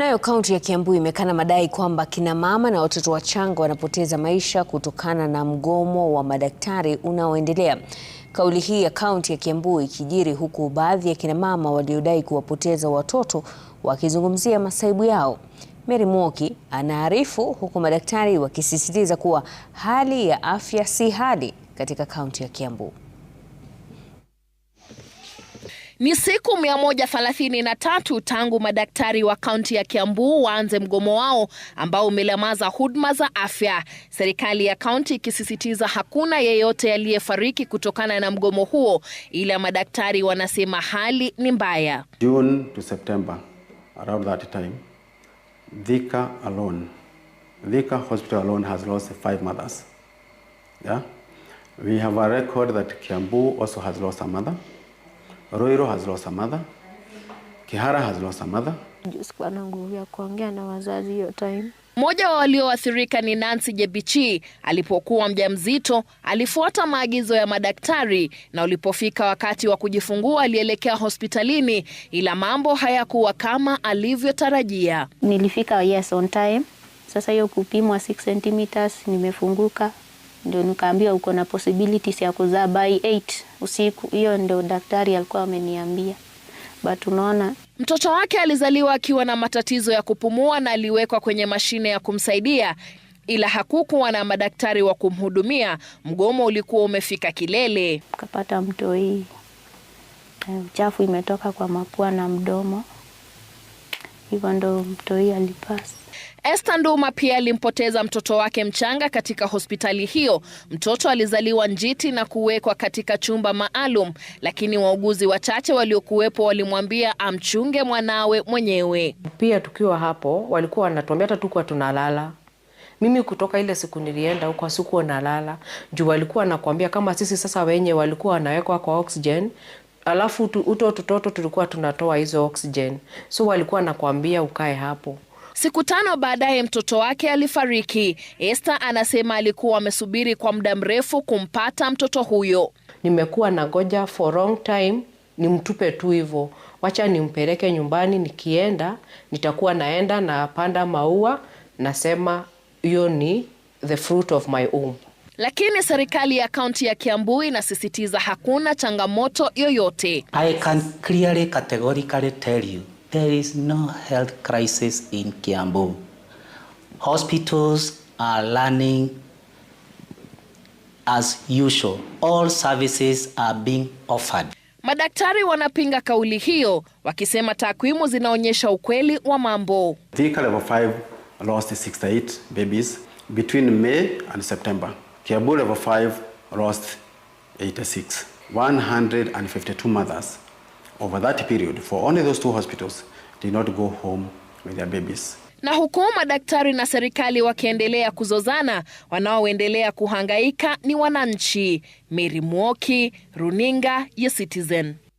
Nayo kaunti ya Kiambu imekana madai kwamba kina mama na watoto wachanga wanapoteza maisha kutokana na mgomo wa madaktari unaoendelea. Kauli hii ya kaunti ya Kiambu ikijiri huku baadhi ya kina mama waliodai kuwapoteza watoto wakizungumzia masaibu yao. Mary Mwoki anaarifu huku madaktari wakisisitiza kuwa hali ya afya si hali katika kaunti ya Kiambu. Ni siku 133 tangu madaktari wa kaunti ya Kiambu waanze mgomo wao ambao umelemaza huduma za afya, serikali ya kaunti ikisisitiza hakuna yeyote aliyefariki kutokana na mgomo huo, ila madaktari wanasema hali ni mbaya. June to September around that time Thika alone Thika hospital alone has lost five mothers yeah we have a record that Kiambu also has lost a mother Roiro has lost a mother. Kihara has lost a mother. Sikuwa na nguvu ya kuongea na wazazi hiyo time. Mmoja wa walioathirika ni Nancy Jebichi. Alipokuwa mjamzito, alifuata maagizo ya madaktari na ulipofika wakati wa kujifungua alielekea hospitalini, ila mambo hayakuwa kama alivyotarajia. Nilifika yes on time. Sasa hiyo kupimwa 6 cm nimefunguka ndio nikaambiwa uko na possibilities ya kuzaa by 8 usiku. Hiyo ndio daktari alikuwa ameniambia, but unaona mtoto wake alizaliwa akiwa na matatizo ya kupumua na aliwekwa kwenye mashine ya kumsaidia ila hakukuwa na madaktari wa kumhudumia. Mgomo ulikuwa umefika kilele, kapata mtoi, eh, uchafu imetoka kwa mapua na mdomo. Hivyo ndo hii alipasa. Esther Nduma pia alimpoteza mtoto wake mchanga katika hospitali hiyo. Mtoto alizaliwa njiti na kuwekwa katika chumba maalum, lakini wauguzi wachache waliokuwepo walimwambia amchunge mwanawe mwenyewe. Pia tukiwa hapo walikuwa wanatuambia hata tukuwa tunalala. Mimi kutoka ile siku nilienda huko asikuwa nalala juu walikuwa nakwambia kama sisi sasa wenye walikuwa wanawekwa kwa oxygen alafu uto tutoto tulikuwa tunatoa hizo oxygen, so walikuwa nakwambia ukae hapo. Siku tano baadaye mtoto wake alifariki. Esther anasema alikuwa amesubiri kwa muda mrefu kumpata mtoto huyo. Nimekuwa na goja for long time, nimtupe tu hivyo, wacha nimpeleke nyumbani. Nikienda nitakuwa naenda napanda maua, nasema hiyo ni the fruit of my womb. Lakini serikali ya kaunti ya Kiambu inasisitiza hakuna changamoto yoyote. I can clearly categorically tell you there is no health crisis in Kiambu. Hospitals are running as usual. All services are being offered. Madaktari wanapinga kauli hiyo wakisema takwimu zinaonyesha ukweli wa mambo. Thika level 5 lost 68 babies between May and September. Kiambu level 5 lost 86, 152 mothers over that period for only those two hospitals did not go home with their babies. Na huku madaktari na serikali wakiendelea kuzozana, wanaoendelea kuhangaika ni wananchi. Mary Mwoki, Runinga ya Citizen.